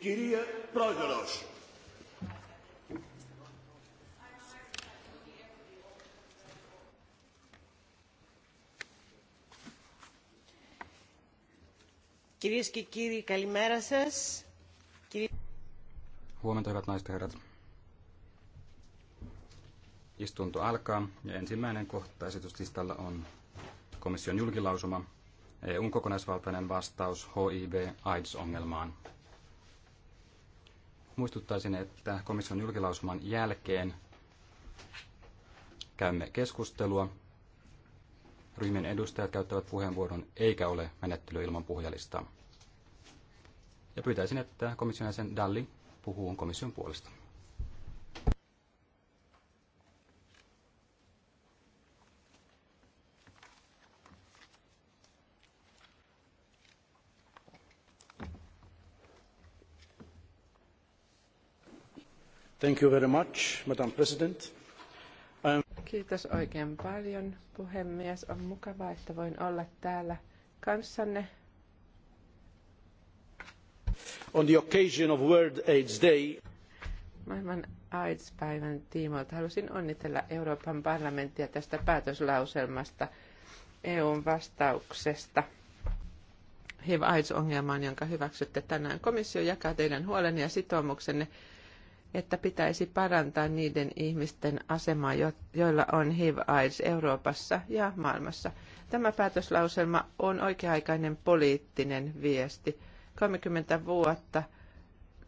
Κυρία Πρόεδρος. Κυρίες και κύριοι, καλημέρα σας. Huomenta, hyvät naiset ja herrat. Istunto alkaa ja ensimmäinen kohta esityslistalla on komission julkilausuma EUn kokonaisvaltainen vastaus HIV-AIDS-ongelmaan. Muistuttaisin, että komission julkilausuman jälkeen käymme keskustelua. Ryhmien edustajat käyttävät puheenvuoron eikä ole menettely ilman puhujalistaa. Ja pyytäisin, että komission jäsen Dalli puhuu komission puolesta. Madam President. Um, Kiitos oikein paljon, puhemies. On mukavaa, että voin olla täällä kanssanne. On the occasion of World AIDS Day, maailman AIDS-päivän tiimoilta halusin onnitella Euroopan parlamenttia tästä päätöslauselmasta EUn vastauksesta HIV-AIDS-ongelmaan, jonka hyväksytte tänään. Komissio jakaa teidän huolenne ja sitoumuksenne että pitäisi parantaa niiden ihmisten asemaa, joilla on HIV-AIDS Euroopassa ja maailmassa. Tämä päätöslauselma on oikea-aikainen poliittinen viesti. 30 vuotta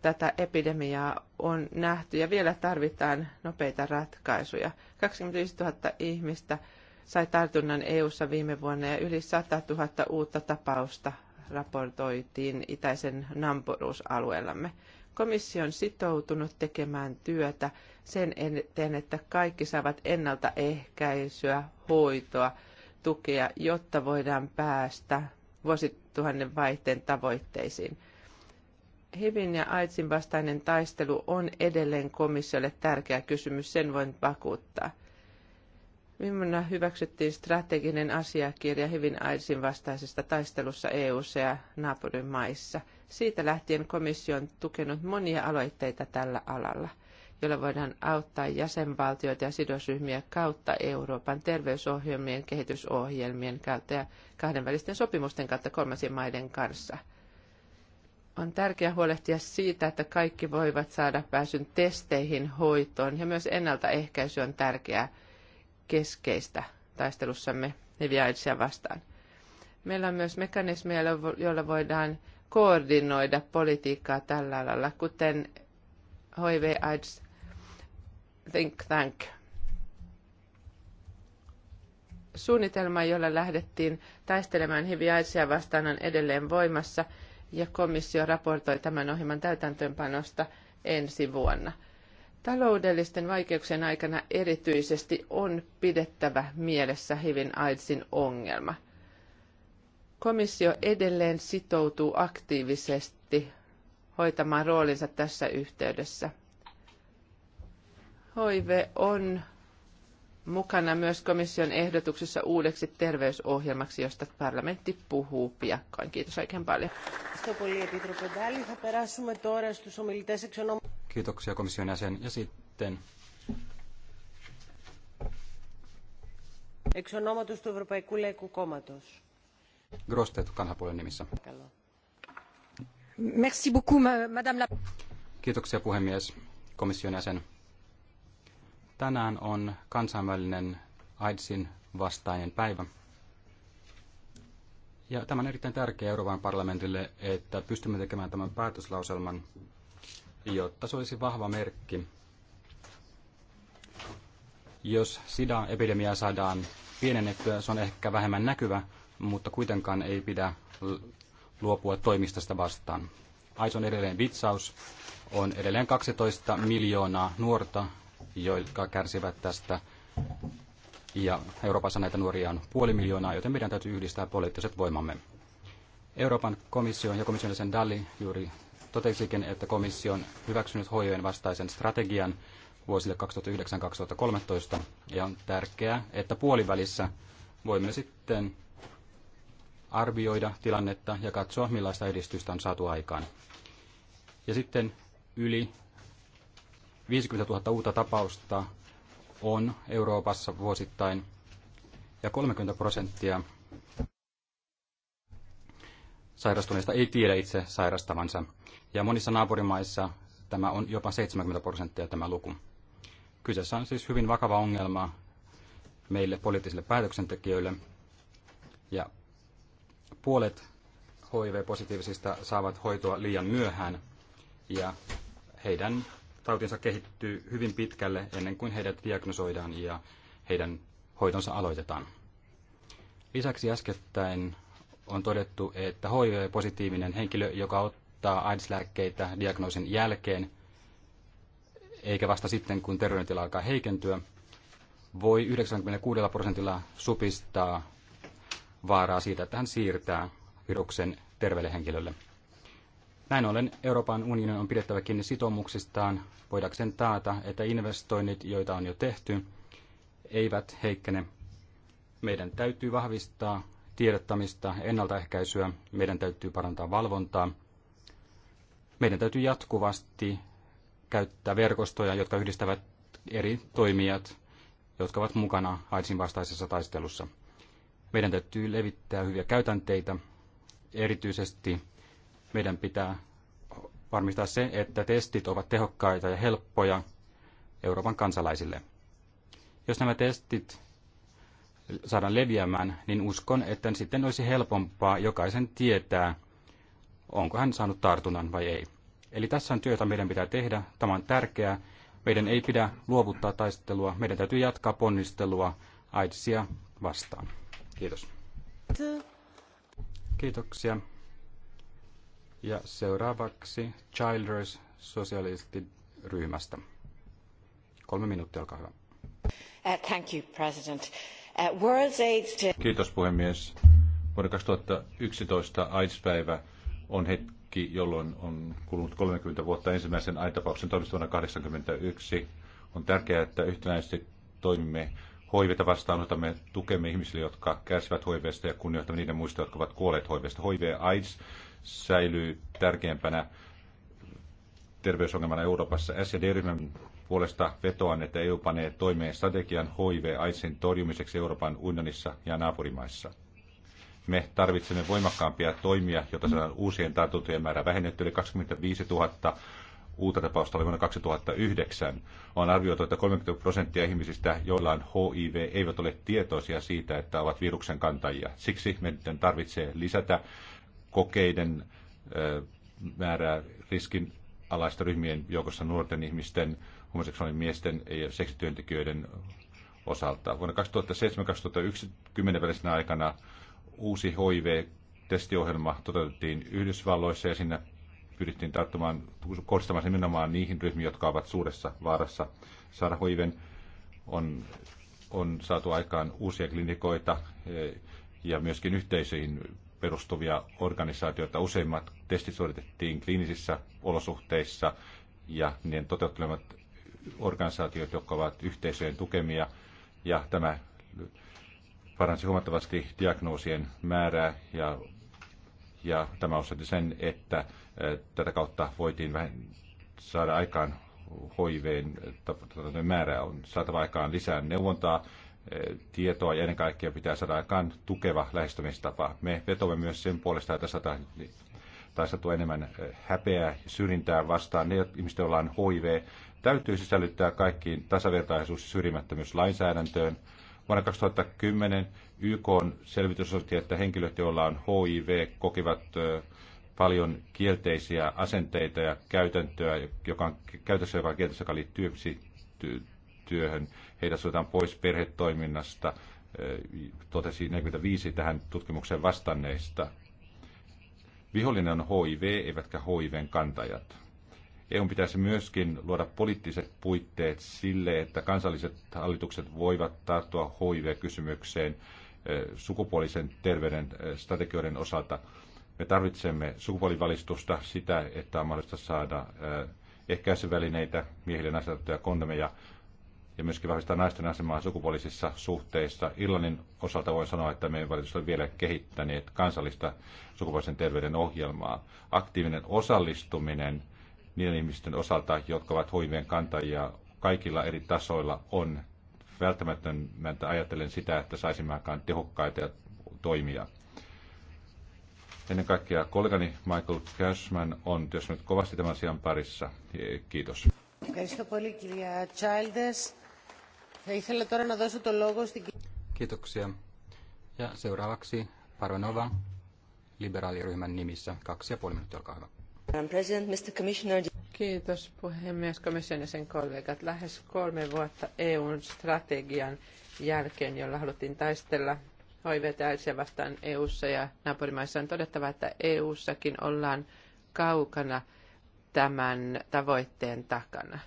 tätä epidemiaa on nähty ja vielä tarvitaan nopeita ratkaisuja. 25 000 ihmistä sai tartunnan EU:ssa viime vuonna ja yli 100 000 uutta tapausta raportoitiin itäisen Namporus alueellamme Komissio on sitoutunut tekemään työtä sen eteen, että kaikki saavat ennaltaehkäisyä, hoitoa, tukea, jotta voidaan päästä vuosituhannen vaihteen tavoitteisiin. HIVin ja AIDSin vastainen taistelu on edelleen komissiolle tärkeä kysymys, sen voin vakuuttaa. Viimeinen hyväksyttiin strateginen asiakirja hyvin aidsin vastaisesta taistelussa eu ja naapurimaissa. Siitä lähtien komissio on tukenut monia aloitteita tällä alalla, joilla voidaan auttaa jäsenvaltioita ja sidosryhmiä kautta Euroopan terveysohjelmien, kehitysohjelmien kautta ja kahdenvälisten sopimusten kautta kolmansien maiden kanssa. On tärkeää huolehtia siitä, että kaikki voivat saada pääsyn testeihin, hoitoon ja myös ennaltaehkäisy on tärkeää – keskeistä taistelussamme hiv vastaan. Meillä on myös mekanismeja, joilla voidaan koordinoida politiikkaa tällä alalla, kuten HIV AIDS Think Tank. Suunnitelma, jolla lähdettiin taistelemaan hiv vastaan, on edelleen voimassa ja komissio raportoi tämän ohjelman täytäntöönpanosta ensi vuonna – Taloudellisten vaikeuksien aikana erityisesti on pidettävä mielessä hivin AIDSin ongelma. Komissio edelleen sitoutuu aktiivisesti hoitamaan roolinsa tässä yhteydessä. HIV on mukana myös komission ehdotuksessa uudeksi terveysohjelmaksi, josta parlamentti puhuu piakkoin. Kiitos oikein paljon. Kiitoksia komission jäsen. Ja sitten... Eikö ονόματος του Ευρωπαϊκού Λαϊκού kanhapuolen nimissä. Merci beaucoup, madame la... Kiitoksia puhemies, komission jäsen. Tänään on kansainvälinen AIDSin vastainen päivä. Ja tämä on erittäin tärkeä Euroopan parlamentille, että pystymme tekemään tämän päätöslauselman jotta se olisi vahva merkki. Jos sida-epidemiaa saadaan pienennettyä, se on ehkä vähemmän näkyvä, mutta kuitenkaan ei pidä luopua toimista sitä vastaan. AIDS on edelleen vitsaus. On edelleen 12 miljoonaa nuorta, jotka kärsivät tästä. Ja Euroopassa näitä nuoria on puoli miljoonaa, joten meidän täytyy yhdistää poliittiset voimamme. Euroopan komissio ja komission sen Dalli juuri totesikin, että komissio on hyväksynyt hoijojen vastaisen strategian vuosille 2009-2013 ja on tärkeää, että puolivälissä voimme sitten arvioida tilannetta ja katsoa, millaista edistystä on saatu aikaan. Ja sitten yli 50 000 uutta tapausta on Euroopassa vuosittain ja 30 prosenttia sairastuneista ei tiedä itse sairastavansa. Ja monissa naapurimaissa tämä on jopa 70 prosenttia tämä luku. Kyseessä on siis hyvin vakava ongelma meille poliittisille päätöksentekijöille. Ja puolet HIV-positiivisista saavat hoitoa liian myöhään ja heidän tautinsa kehittyy hyvin pitkälle ennen kuin heidät diagnosoidaan ja heidän hoitonsa aloitetaan. Lisäksi äskettäin on todettu, että HIV-positiivinen henkilö, joka ottaa AIDS-lääkkeitä diagnoosin jälkeen, eikä vasta sitten, kun terveydentila alkaa heikentyä, voi 96 prosentilla supistaa vaaraa siitä, että hän siirtää viruksen terveelle henkilölle. Näin ollen Euroopan unionin on pidettävä kiinni sitoumuksistaan, voidakseen taata, että investoinnit, joita on jo tehty, eivät heikkene. Meidän täytyy vahvistaa tiedottamista, ennaltaehkäisyä, meidän täytyy parantaa valvontaa. Meidän täytyy jatkuvasti käyttää verkostoja, jotka yhdistävät eri toimijat, jotka ovat mukana AIDSin vastaisessa taistelussa. Meidän täytyy levittää hyviä käytänteitä. Erityisesti meidän pitää varmistaa se, että testit ovat tehokkaita ja helppoja Euroopan kansalaisille. Jos nämä testit saada leviämään, niin uskon, että sitten olisi helpompaa jokaisen tietää, onko hän saanut tartunnan vai ei. Eli tässä on työtä meidän pitää tehdä. Tämä on tärkeää. Meidän ei pidä luovuttaa taistelua. Meidän täytyy jatkaa ponnistelua AIDSia vastaan. Kiitos. Kiitoksia. Ja seuraavaksi Childress Childers ryhmästä. Kolme minuuttia, olkaa hyvä. Uh, thank you, President. Kiitos puhemies. Vuoden 2011 AIDS-päivä on hetki, jolloin on kulunut 30 vuotta ensimmäisen AIDS-tapauksen toimista vuonna 1981. On tärkeää, että yhtenäisesti toimimme hoivita vastaanotamme, otamme tukemme ihmisille, jotka kärsivät hoiveesta ja kunnioitamme niiden muista, jotka ovat kuolleet hoiveesta. HIV ja AIDS säilyy tärkeimpänä terveysongelmana Euroopassa. S- D-ryhmän puolesta vetoan, että EU panee toimeen strategian HIV-aidsin torjumiseksi Euroopan unionissa ja naapurimaissa. Me tarvitsemme voimakkaampia toimia, jotta saadaan uusien tartuntojen määrä vähennetty yli 25 000 uutta tapausta oli vuonna 2009. On arvioitu, että 30 prosenttia ihmisistä, joilla on HIV, eivät ole tietoisia siitä, että ovat viruksen kantajia. Siksi meidän tarvitsee lisätä kokeiden määrää riskin alaista ryhmien joukossa nuorten ihmisten homoseksuaalien miesten ja seksityöntekijöiden osalta. Vuonna 2007-2010 välisenä aikana uusi HIV-testiohjelma toteutettiin Yhdysvalloissa ja sinne pyrittiin tarttumaan, kohdistamaan nimenomaan niihin ryhmiin, jotka ovat suuressa vaarassa saada HIVen. On, on saatu aikaan uusia klinikoita eh, ja myöskin yhteisöihin perustuvia organisaatioita. Useimmat testit suoritettiin kliinisissä olosuhteissa ja niiden toteuttelemat organisaatiot, jotka ovat yhteisöjen tukemia, ja tämä paransi huomattavasti diagnoosien määrää ja, ja tämä osoitti sen, että tätä kautta voitiin vähän saada aikaan HIVn määrää. On saatava aikaan lisää neuvontaa, tietoa ja ennen kaikkea pitää saada aikaan tukeva lähestymistapa. Me vetomme myös sen puolesta, että saadaan taisteltu enemmän häpeää ja syrjintää vastaan. Ne ihmiset, joilla on HIV, täytyy sisällyttää kaikkiin tasavertaisuus- ja syrjimättömyyslainsäädäntöön. Vuonna 2010 YK on selvitys osoitti, että henkilöt, joilla on HIV, kokivat paljon kielteisiä asenteita ja käytäntöä, joka on käytössä, joka on joka liittyy työhön. Heidät suljetaan pois perhetoiminnasta, totesi 45 tähän tutkimukseen vastanneista. Vihollinen on HIV, eivätkä HIVn kantajat. EU pitäisi myöskin luoda poliittiset puitteet sille, että kansalliset hallitukset voivat tarttua HIV-kysymykseen sukupuolisen terveyden strategioiden osalta. Me tarvitsemme sukupuolivalistusta, sitä, että on mahdollista saada ehkäisyvälineitä, miehille asetettuja kondomeja, ja myöskin vahvistaa naisten asemaa sukupuolisissa suhteissa. Irlannin osalta voin sanoa, että me ei valitettavasti ole vielä kehittäneet kansallista sukupuolisen terveyden ohjelmaa. Aktiivinen osallistuminen niiden ihmisten osalta, jotka ovat hoivien kantajia kaikilla eri tasoilla, on välttämättömäntä ajatellen sitä, että saisimme aikaan tehokkaita toimia. Ennen kaikkea kollegani Michael Cashman on työskennellyt kovasti tämän asian parissa. Kiitos. Kiitoksia. Ja seuraavaksi Paranova liberaaliryhmän nimissä. Kaksi ja puoli minuuttia, olkaa hyvä. Kiitos puhemies, komission ja sen kollegat. Lähes kolme vuotta EUn strategian jälkeen, jolla haluttiin taistella hoiveita ja vastaan EUssa ja naapurimaissa on todettava, että EUssakin ollaan kaukana tämän tavoitteen takana.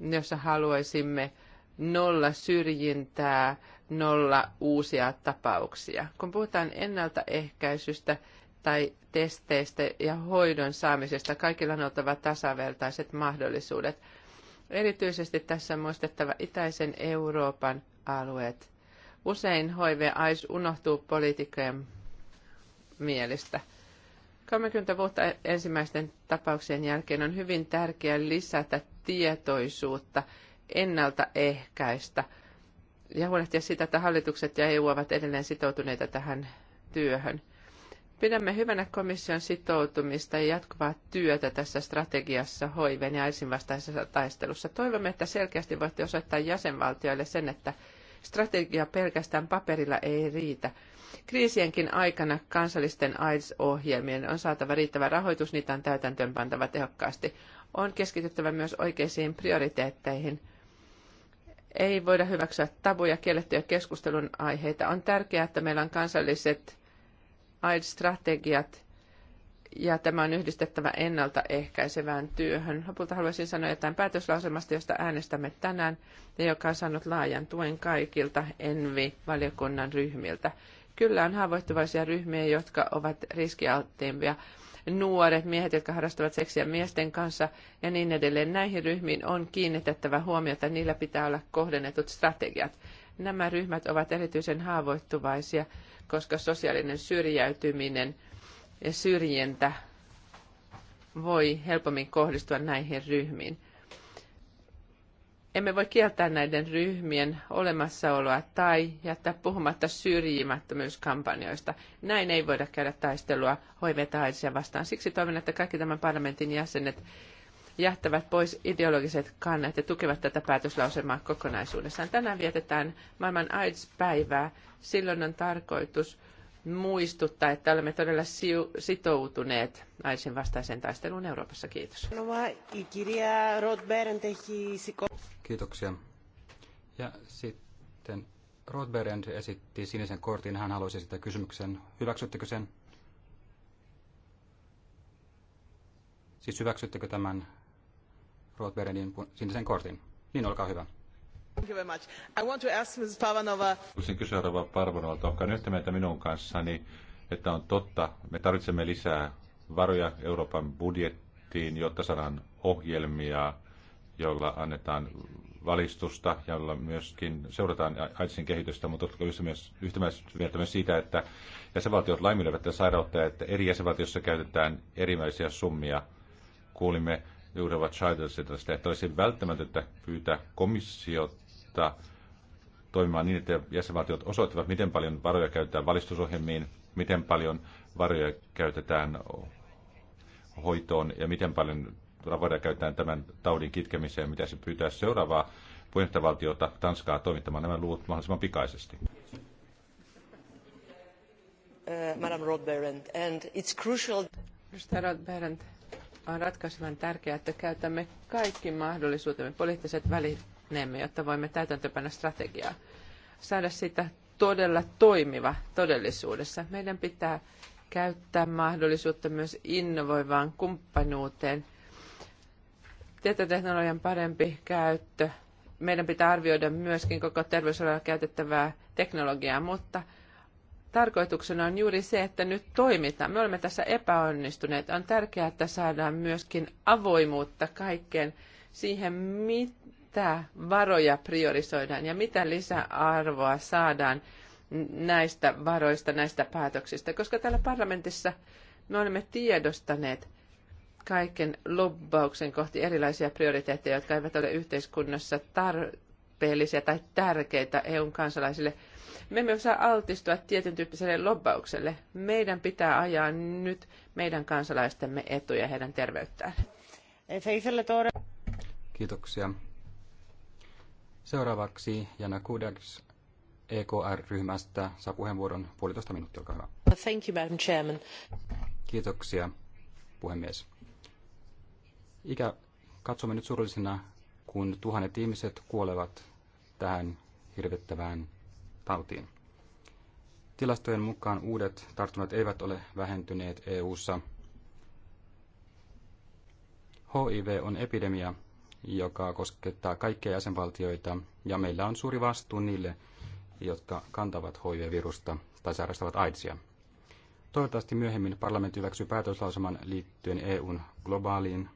Jos haluaisimme nolla syrjintää, nolla uusia tapauksia. Kun puhutaan ennaltaehkäisystä, tai testeistä ja hoidon saamisesta. Kaikilla on oltava tasavertaiset mahdollisuudet. Erityisesti tässä on muistettava itäisen Euroopan alueet. Usein HIV-AIDS unohtuu poliitikkojen mielestä. 30 vuotta ensimmäisten tapauksien jälkeen on hyvin tärkeää lisätä tietoisuutta, ennaltaehkäistä ja huolehtia siitä, että hallitukset ja EU ovat edelleen sitoutuneita tähän työhön. Pidämme hyvänä komission sitoutumista ja jatkuvaa työtä tässä strategiassa hoiven ja aisin vastaisessa taistelussa. Toivomme, että selkeästi voitte osoittaa jäsenvaltioille sen, että strategia pelkästään paperilla ei riitä. Kriisienkin aikana kansallisten AIDS-ohjelmien on saatava riittävä rahoitus, niitä on täytäntöönpantava tehokkaasti. On keskityttävä myös oikeisiin prioriteetteihin. Ei voida hyväksyä tabuja, kiellettyjä keskustelun aiheita. On tärkeää, että meillä on kansalliset AIDS-strategiat ja tämä on yhdistettävä ennaltaehkäisevään työhön. Lopulta haluaisin sanoa jotain päätöslauselmasta, josta äänestämme tänään ja joka on saanut laajan tuen kaikilta ENVI-valiokunnan ryhmiltä. Kyllä on haavoittuvaisia ryhmiä, jotka ovat riskialttiimpia. Nuoret miehet, jotka harrastavat seksiä miesten kanssa ja niin edelleen. Näihin ryhmiin on kiinnitettävä huomiota, niillä pitää olla kohdennetut strategiat. Nämä ryhmät ovat erityisen haavoittuvaisia, koska sosiaalinen syrjäytyminen ja syrjintä voi helpommin kohdistua näihin ryhmiin. Emme voi kieltää näiden ryhmien olemassaoloa tai jättää puhumatta syrjimättömyyskampanjoista. Näin ei voida käydä taistelua hoivetaisia vastaan. Siksi toivon, että kaikki tämän parlamentin jäsenet jättävät pois ideologiset kannat ja tukevat tätä päätöslausemaa kokonaisuudessaan. Tänään vietetään maailman AIDS-päivää. Silloin on tarkoitus muistuttaa, että olemme todella sitoutuneet AIDSin vastaiseen taisteluun Euroopassa. Kiitos. Kiitoksia. Ja sitten Rothberg esitti sinisen kortin. Hän haluaisi sitä kysymyksen. Hyväksyttekö sen? Siis hyväksyttekö tämän Berenin sinisen kortin. Niin, olkaa hyvä. Thank you very much. I want to ask Mrs. Parvanova. Haluaisin kysyä Rova Parvanovalta, onko yhtä mieltä minun kanssani, että on totta, me tarvitsemme lisää varoja Euroopan budjettiin, jotta saadaan ohjelmia, joilla annetaan valistusta, jolla myöskin seurataan AIDSin kehitystä, mutta oletko yhtymäisyyttä myös siitä, että jäsenvaltiot laiminlyövät tätä sairautta ja että eri jäsenvaltiossa käytetään erimäisiä summia. Kuulimme seuraavat Scheidelsetrasta. Että olisi välttämätöntä pyytää komissiota toimimaan niin, että jäsenvaltiot osoittavat, miten paljon varoja käytetään valistusohjelmiin, miten paljon varoja käytetään hoitoon ja miten paljon varoja käytetään tämän taudin kitkemiseen, mitä se pyytää seuraavaa puheenjohtajavaltiota Tanskaa toimittamaan nämä luvut mahdollisimman pikaisesti. Uh, Madame Rodberend, and it's crucial... Mr on ratkaisevan tärkeää, että käytämme kaikki mahdollisuutemme, poliittiset välineemme, jotta voimme täytäntöpänä strategiaa. Saada sitä todella toimiva todellisuudessa. Meidän pitää käyttää mahdollisuutta myös innovoivaan kumppanuuteen. Tietoteknologian parempi käyttö. Meidän pitää arvioida myöskin koko terveysalalla käytettävää teknologiaa, mutta tarkoituksena on juuri se, että nyt toimitaan. Me olemme tässä epäonnistuneet. On tärkeää, että saadaan myöskin avoimuutta kaikkeen siihen, mitä varoja priorisoidaan ja mitä lisäarvoa saadaan näistä varoista, näistä päätöksistä, koska täällä parlamentissa me olemme tiedostaneet kaiken lobbauksen kohti erilaisia prioriteetteja, jotka eivät ole yhteiskunnassa tarpeellisia tai tärkeitä EUn kansalaisille – me emme saa altistua tietyn tyyppiselle lobbaukselle. Meidän pitää ajaa nyt meidän kansalaistemme etuja heidän terveyttään. Kiitoksia. Seuraavaksi Jana Kudaks EKR-ryhmästä saa puheenvuoron puolitoista minuuttia, olkaa hyvä. Thank you, Madam Chairman. Kiitoksia, puhemies. Ikä katsomme nyt surullisena, kun tuhannet ihmiset kuolevat tähän hirvittävään tautiin. Tilastojen mukaan uudet tartunnat eivät ole vähentyneet EU:ssa. HIV on epidemia, joka koskettaa kaikkia jäsenvaltioita, ja meillä on suuri vastuu niille, jotka kantavat HIV-virusta tai sairastavat AIDSia. Toivottavasti myöhemmin parlamentti hyväksyy päätöslausaman liittyen EUn globaaliin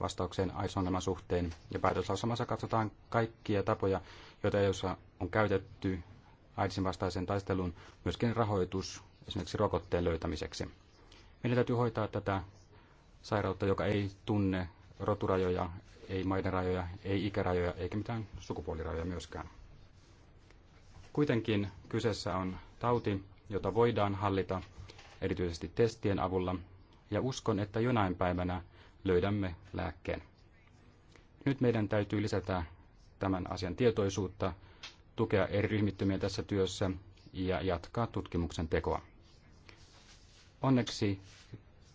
vastaukseen AIDS-ongelman suhteen, ja päätöslausamassa katsotaan kaikkia tapoja, joita EUssa on käytetty AIDSin vastaisen taisteluun myöskin rahoitus esimerkiksi rokotteen löytämiseksi. Meidän täytyy hoitaa tätä sairautta, joka ei tunne roturajoja, ei maiden rajoja, ei ikärajoja eikä mitään sukupuolirajoja myöskään. Kuitenkin kyseessä on tauti, jota voidaan hallita erityisesti testien avulla, ja uskon, että jonain päivänä löydämme lääkkeen. Nyt meidän täytyy lisätä tämän asian tietoisuutta tukea eri ryhmittymiä tässä työssä ja jatkaa tutkimuksen tekoa. Onneksi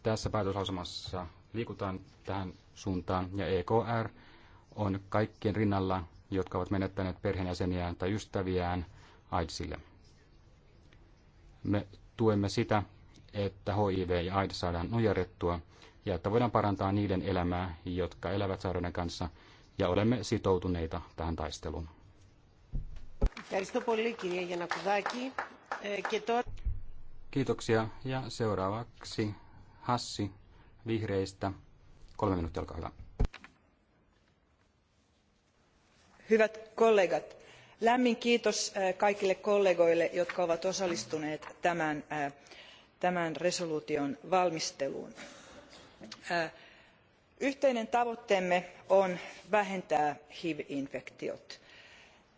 tässä päätöslausumassa liikutaan tähän suuntaan ja EKR on kaikkien rinnalla, jotka ovat menettäneet perheenjäseniään tai ystäviään AIDSille. Me tuemme sitä, että HIV ja AIDS saadaan nujerrettua ja että voidaan parantaa niiden elämää, jotka elävät sairauden kanssa, ja olemme sitoutuneita tähän taisteluun. Kiitoksia. Ja seuraavaksi Hassi Vihreistä. Kolme minuuttia, olkaa hyvä. Hyvät kollegat, lämmin kiitos äh, kaikille kollegoille, jotka ovat osallistuneet tämän, äh, tämän resoluution valmisteluun. Äh, yhteinen tavoitteemme on vähentää HIV-infektiot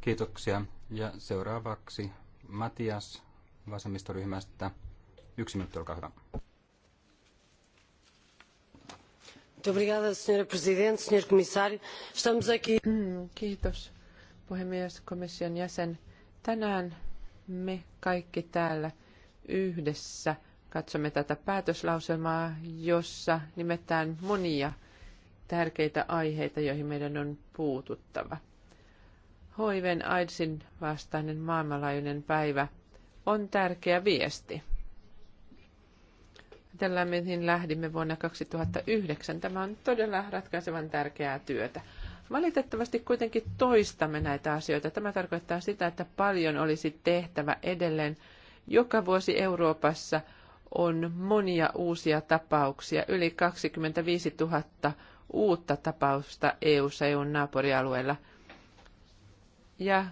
Kiitoksia. Ja seuraavaksi Matias vasemmistoryhmästä. Yksi minuutti, olkaa hyvä. Mm, kiitos puhemies, komission jäsen. Tänään me kaikki täällä yhdessä katsomme tätä päätöslauselmaa, jossa nimetään monia tärkeitä aiheita, joihin meidän on puututtava – Hoiven AIDSin vastainen maailmanlaajuinen päivä on tärkeä viesti. Tällä mihin lähdimme vuonna 2009. Tämä on todella ratkaisevan tärkeää työtä. Valitettavasti kuitenkin toistamme näitä asioita. Tämä tarkoittaa sitä, että paljon olisi tehtävä edelleen. Joka vuosi Euroopassa on monia uusia tapauksia, yli 25 000 uutta tapausta EU-ssa EUn naapurialueella – ja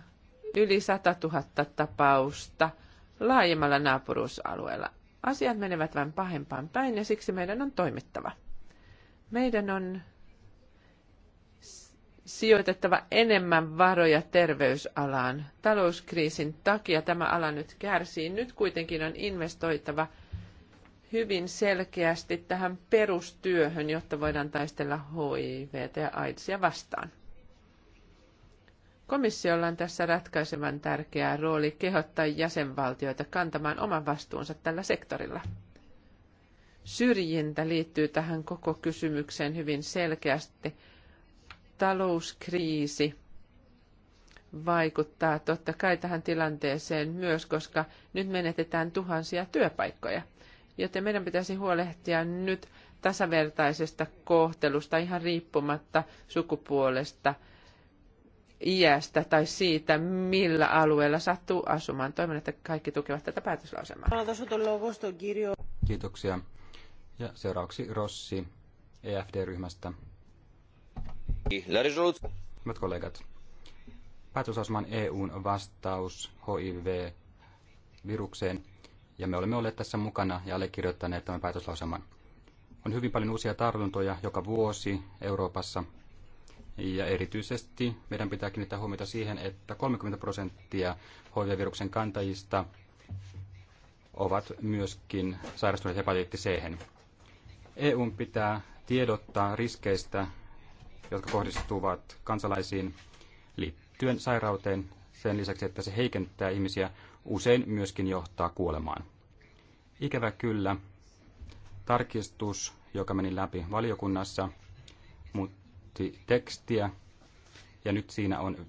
yli 100 000 tapausta laajemmalla naapuruusalueella. Asiat menevät vain pahempaan päin ja siksi meidän on toimittava. Meidän on sijoitettava enemmän varoja terveysalaan. Talouskriisin takia tämä ala nyt kärsii. Nyt kuitenkin on investoitava hyvin selkeästi tähän perustyöhön, jotta voidaan taistella HIV ja AIDSia vastaan. Komissiolla on tässä ratkaisevan tärkeä rooli kehottaa jäsenvaltioita kantamaan oman vastuunsa tällä sektorilla. Syrjintä liittyy tähän koko kysymykseen hyvin selkeästi. Talouskriisi vaikuttaa totta kai tähän tilanteeseen myös, koska nyt menetetään tuhansia työpaikkoja. Joten meidän pitäisi huolehtia nyt tasavertaisesta kohtelusta ihan riippumatta sukupuolesta – iästä tai siitä, millä alueella sattuu asumaan. Toivon, että kaikki tukevat tätä päätöslausemaa. Kiitoksia. Ja seuraavaksi Rossi EFD-ryhmästä. Hyvät kollegat, päätöslausuman EUn vastaus HIV-virukseen, ja me olemme olleet tässä mukana ja allekirjoittaneet tämän päätöslauselman. On hyvin paljon uusia tartuntoja joka vuosi Euroopassa, ja erityisesti meidän pitää kiinnittää huomiota siihen, että 30 prosenttia HIV-viruksen kantajista ovat myöskin sairastuneet hepatiitti C. -hän. EUn pitää tiedottaa riskeistä, jotka kohdistuvat kansalaisiin liittyen sairauteen sen lisäksi, että se heikentää ihmisiä, usein myöskin johtaa kuolemaan. Ikävä kyllä, tarkistus, joka meni läpi valiokunnassa, kohti tekstiä, ja nyt siinä on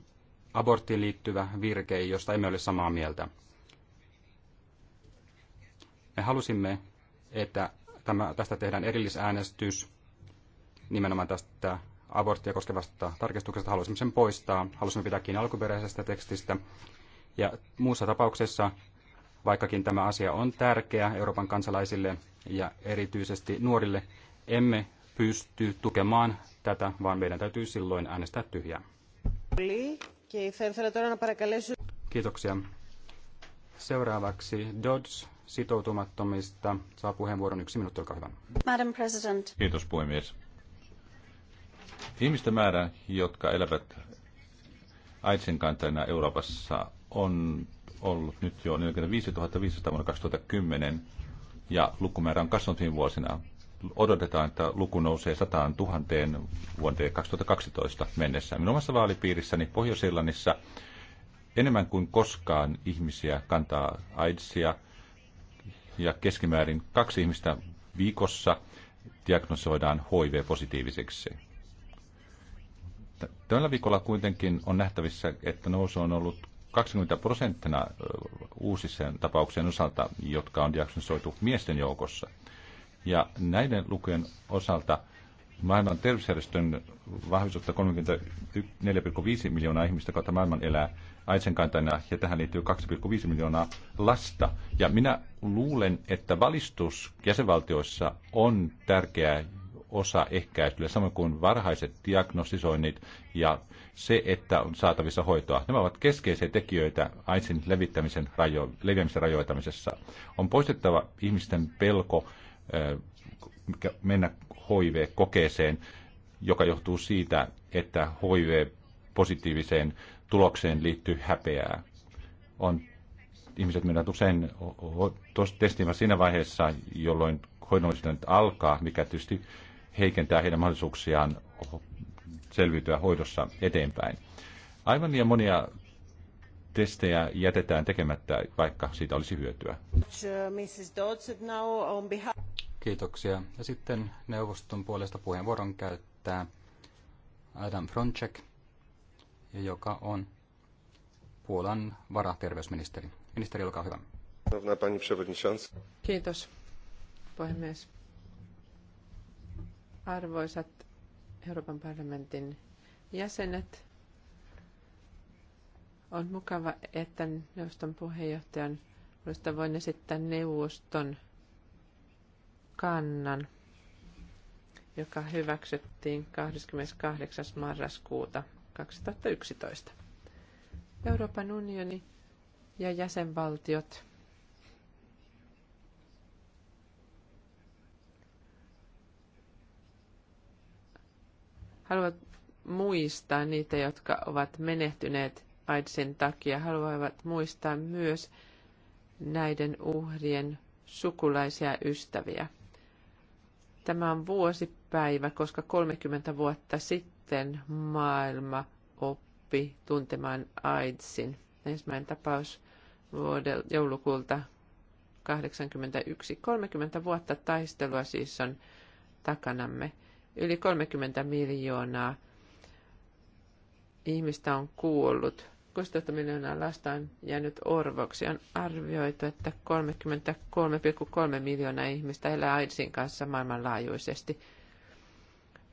aborttiin liittyvä virke, josta emme ole samaa mieltä. Me halusimme, että tämä, tästä tehdään erillisäänestys nimenomaan tästä aborttia koskevasta tarkistuksesta. Halusimme sen poistaa, halusimme pitää kiinni alkuperäisestä tekstistä. Ja muussa tapauksessa, vaikkakin tämä asia on tärkeä Euroopan kansalaisille ja erityisesti nuorille, emme pysty tukemaan tätä, vaan meidän täytyy silloin äänestää tyhjää. Kiitoksia. Seuraavaksi Dodds sitoutumattomista saa puheenvuoron yksi minuutti, olkaa hyvä. Madam President. Kiitos puhemies. Ihmisten määrä, jotka elävät AIDSin kantajana Euroopassa, on ollut nyt jo 45 500 vuonna 2010 ja lukumäärä on kasvanut viime vuosina odotetaan, että luku nousee 100 000 vuoteen 2012 mennessä. Minun omassa vaalipiirissäni Pohjois-Irlannissa enemmän kuin koskaan ihmisiä kantaa AIDSia ja keskimäärin kaksi ihmistä viikossa diagnosoidaan HIV-positiiviseksi. Tällä viikolla kuitenkin on nähtävissä, että nousu on ollut 20 prosenttina uusissa tapauksien osalta, jotka on diagnosoitu miesten joukossa – ja näiden lukujen osalta maailman terveysjärjestön vahvistusta 34,5 miljoonaa ihmistä kautta maailman elää aisenkantaina, ja tähän liittyy 2,5 miljoonaa lasta. Ja minä luulen, että valistus jäsenvaltioissa on tärkeä osa ehkäisyä, samoin kuin varhaiset diagnostisoinnit ja se, että on saatavissa hoitoa. Nämä ovat keskeisiä tekijöitä AIDSin levittämisen rajo- leviämisen rajoitamisessa. On poistettava ihmisten pelko mennä HIV-kokeeseen, joka johtuu siitä, että HIV-positiiviseen tulokseen liittyy häpeää. On, ihmiset mennään usein testimään siinä vaiheessa, jolloin hoidon alkaa, mikä tietysti heikentää heidän mahdollisuuksiaan selviytyä hoidossa eteenpäin. Aivan liian monia testejä jätetään tekemättä, vaikka siitä olisi hyötyä. Kiitoksia. Ja sitten neuvoston puolesta puheenvuoron käyttää Adam Fronczek, joka on Puolan varaterveysministeri. Ministeri, olkaa hyvä. Kiitos, puhemies. Arvoisat Euroopan parlamentin jäsenet, on mukava, että neuvoston puheenjohtajan puolesta voin esittää neuvoston kannan, joka hyväksyttiin 28. marraskuuta 2011. Euroopan unioni ja jäsenvaltiot haluavat muistaa niitä, jotka ovat menehtyneet AIDSin takia haluavat muistaa myös näiden uhrien sukulaisia ystäviä. Tämä on vuosipäivä, koska 30 vuotta sitten maailma oppi tuntemaan AIDSin. Ensimmäinen tapaus vuodel, joulukuulta 81. 30 vuotta taistelua siis on takanamme. Yli 30 miljoonaa ihmistä on kuollut 16 miljoonaa lasta on jäänyt orvoksi. On arvioitu, että 33,3 miljoonaa ihmistä elää AIDSin kanssa maailmanlaajuisesti.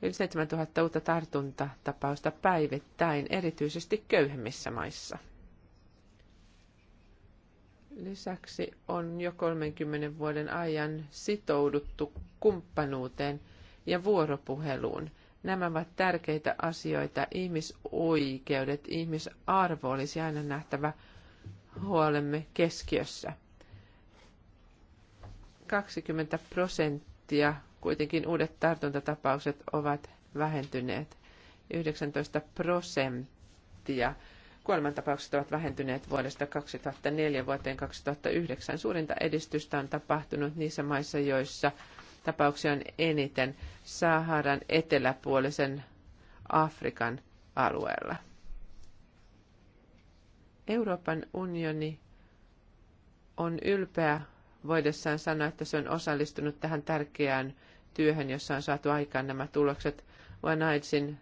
Yli 7000 uutta tartuntatapausta päivittäin, erityisesti köyhemmissä maissa. Lisäksi on jo 30 vuoden ajan sitouduttu kumppanuuteen ja vuoropuheluun – Nämä ovat tärkeitä asioita. Ihmisoikeudet, ihmisarvo olisi aina nähtävä huolemme keskiössä. 20 prosenttia kuitenkin uudet tartuntatapaukset ovat vähentyneet. 19 prosenttia kuolemantapaukset ovat vähentyneet vuodesta 2004 vuoteen 2009. Suurinta edistystä on tapahtunut niissä maissa, joissa tapauksia on eniten Saharan eteläpuolisen Afrikan alueella. Euroopan unioni on ylpeä voidessaan sanoa, että se on osallistunut tähän tärkeään työhön, jossa on saatu aikaan nämä tulokset One Aidsin,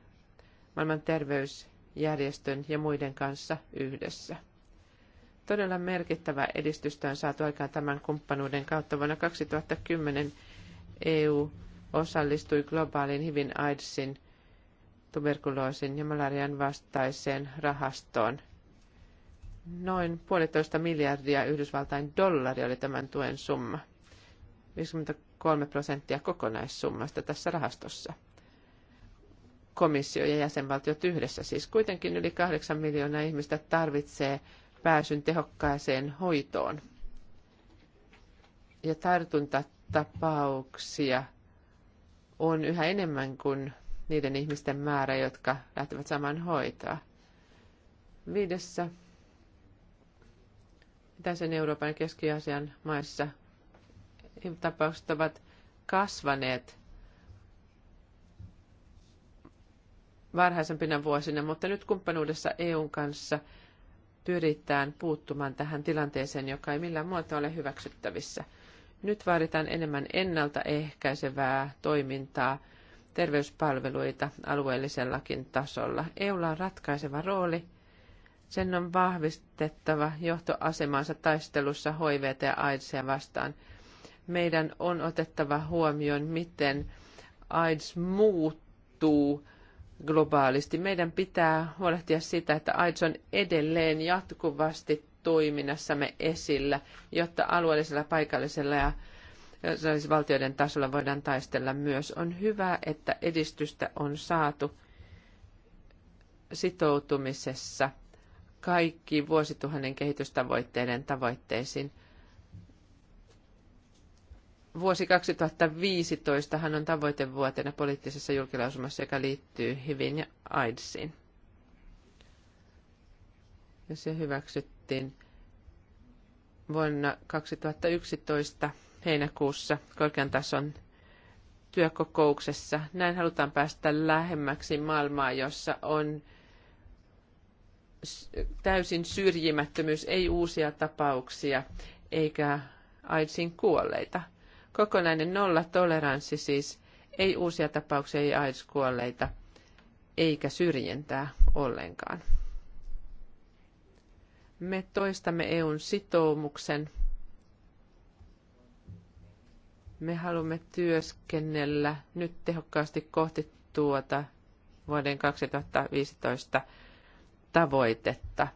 maailman terveysjärjestön ja muiden kanssa yhdessä. Todella merkittävää edistystä on saatu aikaan tämän kumppanuuden kautta. Vuonna 2010 EU osallistui globaalin hyvin AIDSin, tuberkuloosin ja malarian vastaiseen rahastoon. Noin puolitoista miljardia Yhdysvaltain dollaria oli tämän tuen summa. 53 prosenttia kokonaissummasta tässä rahastossa. Komissio ja jäsenvaltiot yhdessä siis kuitenkin yli 8 miljoonaa ihmistä tarvitsee pääsyn tehokkaaseen hoitoon. Ja tartuntat tapauksia on yhä enemmän kuin niiden ihmisten määrä, jotka lähtevät saamaan hoitoa. Viidessä Itäisen Euroopan ja Keski-Aasian maissa tapaukset ovat kasvaneet varhaisempina vuosina, mutta nyt kumppanuudessa EUn kanssa pyritään puuttumaan tähän tilanteeseen, joka ei millään muuta ole hyväksyttävissä. Nyt vaaditaan enemmän ennaltaehkäisevää toimintaa, terveyspalveluita alueellisellakin tasolla. EUlla on ratkaiseva rooli. Sen on vahvistettava johtoasemansa taistelussa HIV- ja AIDSia vastaan. Meidän on otettava huomioon, miten AIDS muuttuu globaalisti. Meidän pitää huolehtia siitä, että AIDS on edelleen jatkuvasti toiminnassamme esillä, jotta alueellisella, paikallisella ja valtioiden tasolla voidaan taistella myös. On hyvä, että edistystä on saatu sitoutumisessa kaikkiin vuosituhannen kehitystavoitteiden tavoitteisiin. Vuosi 2015 hän on tavoitevuotena poliittisessa julkilausumassa, joka liittyy hyvin ja AIDSiin ja se hyväksyttiin vuonna 2011 heinäkuussa korkean tason työkokouksessa. Näin halutaan päästä lähemmäksi maailmaa, jossa on täysin syrjimättömyys, ei uusia tapauksia eikä AIDSin kuolleita. Kokonainen nolla toleranssi siis, ei uusia tapauksia, ei AIDS-kuolleita eikä syrjintää ollenkaan. Me toistamme EUn sitoumuksen. Me haluamme työskennellä nyt tehokkaasti kohti tuota vuoden 2015 tavoitetta,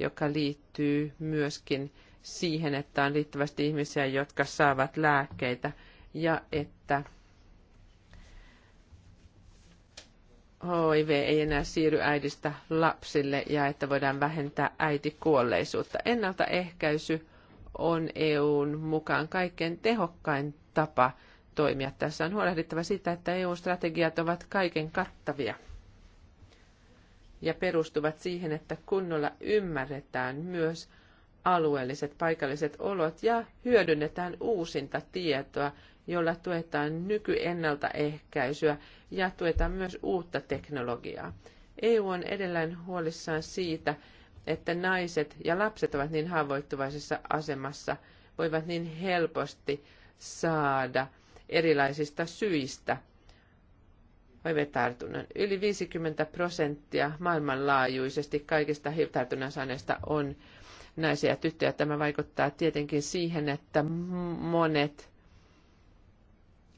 joka liittyy myöskin siihen, että on riittävästi ihmisiä, jotka saavat lääkkeitä ja että HIV ei enää siirry äidistä lapsille ja että voidaan vähentää äitikuolleisuutta. Ennaltaehkäisy on EUn mukaan kaikkein tehokkain tapa toimia. Tässä on huolehdittava siitä, että EU-strategiat ovat kaiken kattavia ja perustuvat siihen, että kunnolla ymmärretään myös alueelliset paikalliset olot ja hyödynnetään uusinta tietoa jolla tuetaan nykyennaltaehkäisyä ja tuetaan myös uutta teknologiaa. EU on edelleen huolissaan siitä, että naiset ja lapset ovat niin haavoittuvaisessa asemassa, voivat niin helposti saada erilaisista syistä HIV-tartunnan. Yli 50 prosenttia maailmanlaajuisesti kaikista HIV-tartunnan saaneista on naisia ja tyttöjä. Tämä vaikuttaa tietenkin siihen, että monet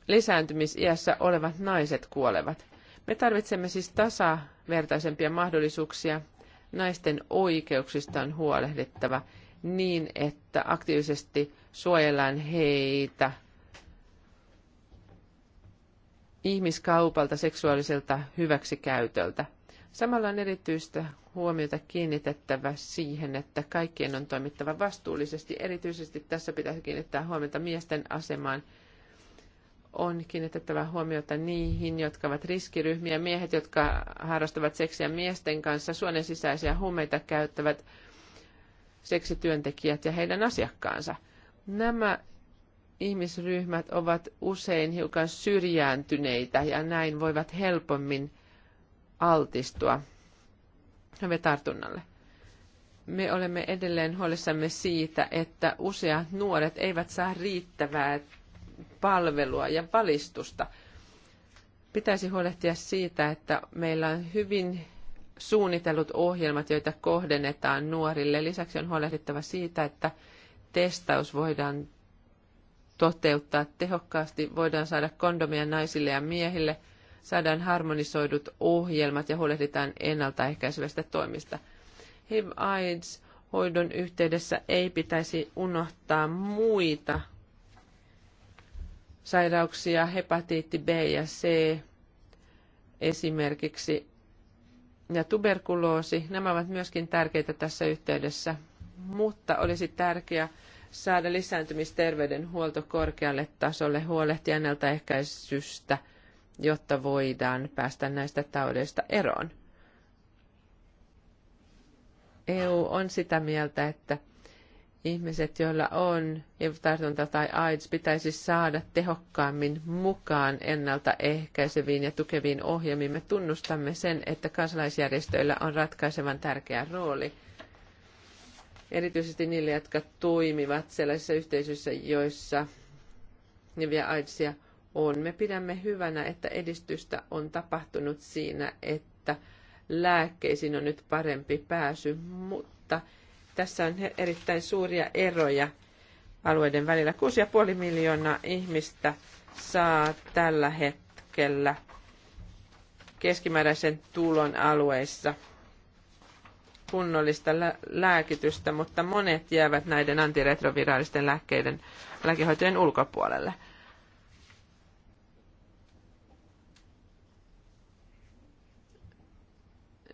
lisääntymisiässä olevat naiset kuolevat. Me tarvitsemme siis tasavertaisempia mahdollisuuksia. Naisten oikeuksista on huolehdittava niin, että aktiivisesti suojellaan heitä ihmiskaupalta, seksuaaliselta hyväksikäytöltä. Samalla on erityistä huomiota kiinnitettävä siihen, että kaikkien on toimittava vastuullisesti. Erityisesti tässä pitäisi kiinnittää huomiota miesten asemaan – on kiinnitettävä huomiota niihin, jotka ovat riskiryhmiä, miehet, jotka harrastavat seksiä miesten kanssa, suonen sisäisiä huumeita käyttävät seksityöntekijät ja heidän asiakkaansa. Nämä ihmisryhmät ovat usein hiukan syrjääntyneitä ja näin voivat helpommin altistua tartunnalle. Me olemme edelleen huolissamme siitä, että useat nuoret eivät saa riittävää palvelua ja valistusta. Pitäisi huolehtia siitä, että meillä on hyvin suunnitellut ohjelmat, joita kohdennetaan nuorille. Lisäksi on huolehdittava siitä, että testaus voidaan toteuttaa tehokkaasti, voidaan saada kondomia naisille ja miehille, saadaan harmonisoidut ohjelmat ja huolehditaan ennaltaehkäisevästä toimista. HIV-AIDS hoidon yhteydessä ei pitäisi unohtaa muita sairauksia, hepatiitti B ja C esimerkiksi ja tuberkuloosi, nämä ovat myöskin tärkeitä tässä yhteydessä, mutta olisi tärkeää saada lisääntymisterveydenhuolto korkealle tasolle, huolehtia ennaltaehkäisystä, jotta voidaan päästä näistä taudeista eroon. EU on sitä mieltä, että ihmiset, joilla on tartunta tai AIDS, pitäisi saada tehokkaammin mukaan ennaltaehkäiseviin ja tukeviin ohjelmiin. Me tunnustamme sen, että kansalaisjärjestöillä on ratkaisevan tärkeä rooli, erityisesti niille, jotka toimivat sellaisissa yhteisöissä, joissa neviä AIDSia on. Me pidämme hyvänä, että edistystä on tapahtunut siinä, että lääkkeisiin on nyt parempi pääsy, mutta – tässä on erittäin suuria eroja alueiden välillä. 6,5 miljoonaa ihmistä saa tällä hetkellä keskimääräisen tulon alueissa kunnollista lääkitystä, mutta monet jäävät näiden antiretroviraalisten lääkkeiden lääkehoitojen ulkopuolelle.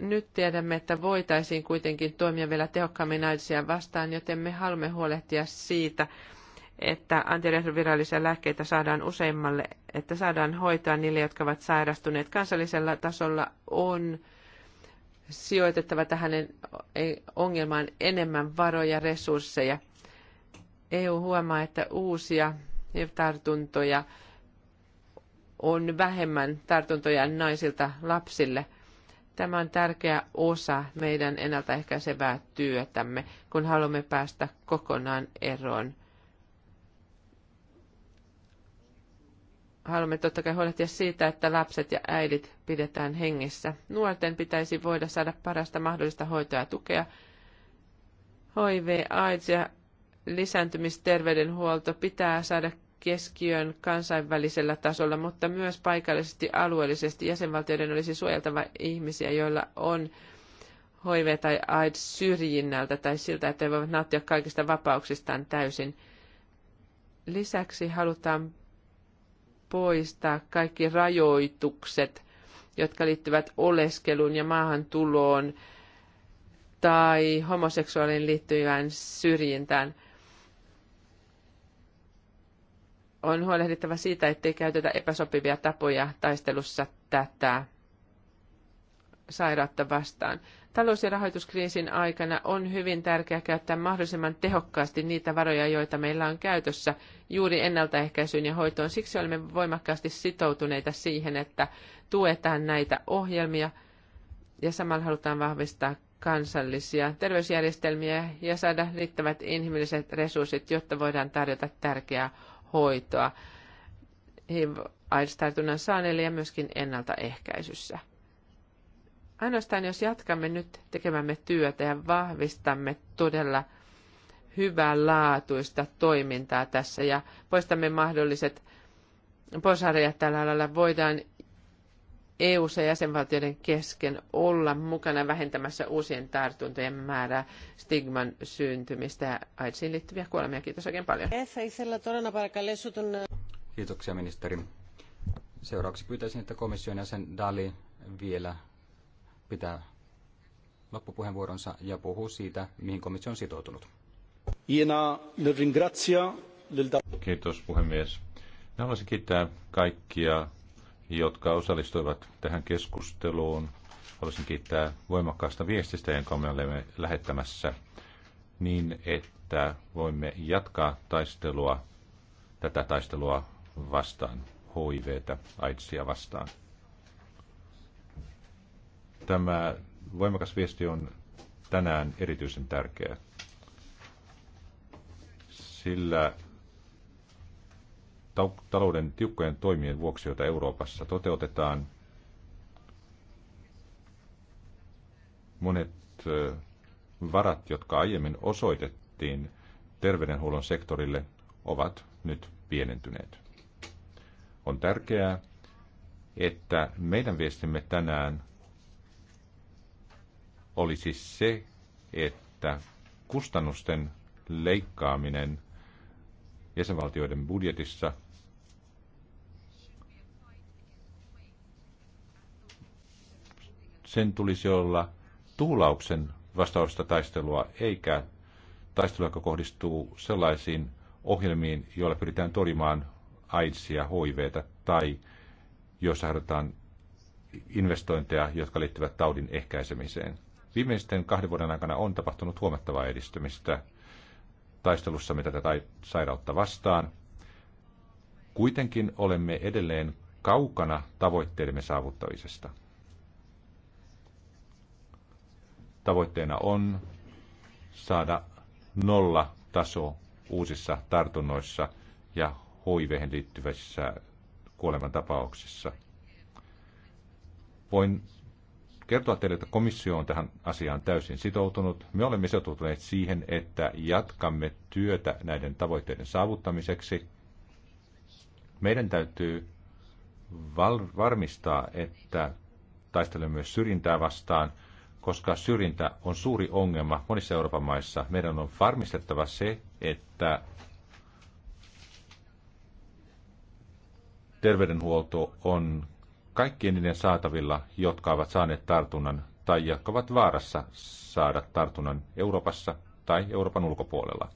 nyt tiedämme, että voitaisiin kuitenkin toimia vielä tehokkaammin naisia vastaan, joten me haluamme huolehtia siitä, että antiretrovirallisia lääkkeitä saadaan useimmalle, että saadaan hoitaa niille, jotka ovat sairastuneet. Kansallisella tasolla on sijoitettava tähän ongelmaan enemmän varoja, resursseja. EU huomaa, että uusia tartuntoja on vähemmän tartuntoja naisilta lapsille – Tämä on tärkeä osa meidän ennaltaehkäisevää työtämme, kun haluamme päästä kokonaan eroon. Haluamme totta kai huolehtia siitä, että lapset ja äidit pidetään hengissä. Nuorten pitäisi voida saada parasta mahdollista hoitoa ja tukea. HIV, AIDS ja lisääntymisterveydenhuolto pitää saada keskiön kansainvälisellä tasolla, mutta myös paikallisesti, alueellisesti jäsenvaltioiden olisi suojeltava ihmisiä, joilla on HIV tai AIDS syrjinnältä tai siltä, että he voivat nauttia kaikista vapauksistaan täysin. Lisäksi halutaan poistaa kaikki rajoitukset, jotka liittyvät oleskeluun ja maahantuloon tai homoseksuaalin liittyvään syrjintään – on huolehdittava siitä, ettei käytetä epäsopivia tapoja taistelussa tätä sairautta vastaan. Talous- ja rahoituskriisin aikana on hyvin tärkeää käyttää mahdollisimman tehokkaasti niitä varoja, joita meillä on käytössä juuri ennaltaehkäisyyn ja hoitoon. Siksi olemme voimakkaasti sitoutuneita siihen, että tuetaan näitä ohjelmia ja samalla halutaan vahvistaa kansallisia terveysjärjestelmiä ja saada riittävät inhimilliset resurssit, jotta voidaan tarjota tärkeää hoitoa HIV-aids-tartunnan saaneille ja myöskin ennaltaehkäisyssä. Ainoastaan jos jatkamme nyt tekemämme työtä ja vahvistamme todella hyvänlaatuista toimintaa tässä ja poistamme mahdolliset posareja tällä alalla, voidaan eu ja jäsenvaltioiden kesken olla mukana vähentämässä uusien tartuntojen määrää, stigman syntymistä ja AIDSiin liittyviä kuolemia. Kiitos oikein paljon. Kiitoksia ministeri. Seuraavaksi pyytäisin, että komission jäsen Dali vielä pitää loppupuheenvuoronsa ja puhuu siitä, mihin komissio on sitoutunut. Kiitos puhemies. haluaisin kiittää kaikkia jotka osallistuivat tähän keskusteluun. Haluaisin kiittää voimakkaasta viestistä, jonka me olemme lähettämässä, niin että voimme jatkaa taistelua, tätä taistelua vastaan, HIVtä, AIDSia vastaan. Tämä voimakas viesti on tänään erityisen tärkeä, sillä talouden tiukkojen toimien vuoksi, joita Euroopassa toteutetaan, monet varat, jotka aiemmin osoitettiin terveydenhuollon sektorille, ovat nyt pienentyneet. On tärkeää, että meidän viestimme tänään olisi se, että kustannusten leikkaaminen – jäsenvaltioiden budjetissa sen tulisi olla tuulauksen vastausta taistelua, eikä taistelua, joka kohdistuu sellaisiin ohjelmiin, joilla pyritään torjumaan AIDSia, HIVtä tai joissa harjoitetaan investointeja, jotka liittyvät taudin ehkäisemiseen. Viimeisten kahden vuoden aikana on tapahtunut huomattavaa edistymistä taistelussa me tätä sairautta vastaan. Kuitenkin olemme edelleen kaukana tavoitteidemme saavuttamisesta. Tavoitteena on saada nolla taso uusissa tartunnoissa ja hoiveihin liittyvissä kuolemantapauksissa. Voin kertoa teille, että komissio on tähän asiaan täysin sitoutunut. Me olemme sitoutuneet siihen, että jatkamme työtä näiden tavoitteiden saavuttamiseksi. Meidän täytyy varmistaa, että taistelemme myös syrjintää vastaan, koska syrjintä on suuri ongelma monissa Euroopan maissa. Meidän on varmistettava se, että terveydenhuolto on kaikkien niiden saatavilla, jotka ovat saaneet tartunnan tai jotka ovat vaarassa saada tartunnan Euroopassa tai Euroopan ulkopuolella.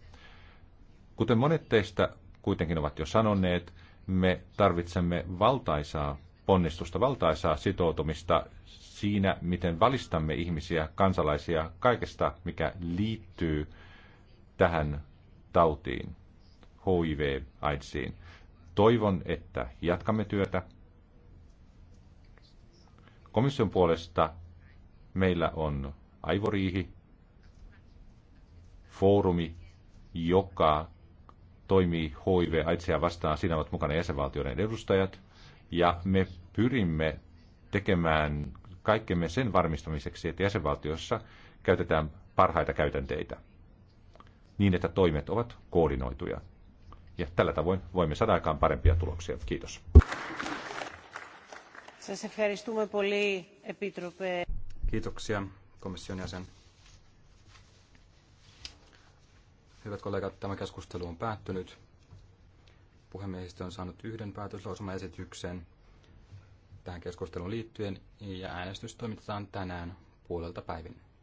Kuten monet teistä kuitenkin ovat jo sanoneet, me tarvitsemme valtaisaa ponnistusta, valtaisaa sitoutumista siinä, miten valistamme ihmisiä, kansalaisia kaikesta, mikä liittyy tähän tautiin, HIV-AIDSiin. Toivon, että jatkamme työtä Komission puolesta meillä on aivoriihi, foorumi, joka toimii HIV aitsia vastaan. Siinä ovat mukana jäsenvaltioiden edustajat. Ja me pyrimme tekemään kaikkemme sen varmistamiseksi, että jäsenvaltiossa käytetään parhaita käytänteitä niin, että toimet ovat koordinoituja. Ja tällä tavoin voimme saada aikaan parempia tuloksia. Kiitos. Kiitoksia, komission jäsen. Hyvät kollegat, tämä keskustelu on päättynyt. Puhemiehistö on saanut yhden päätöslausumaesityksen tähän keskusteluun liittyen ja äänestys toimitetaan tänään puolelta päivin.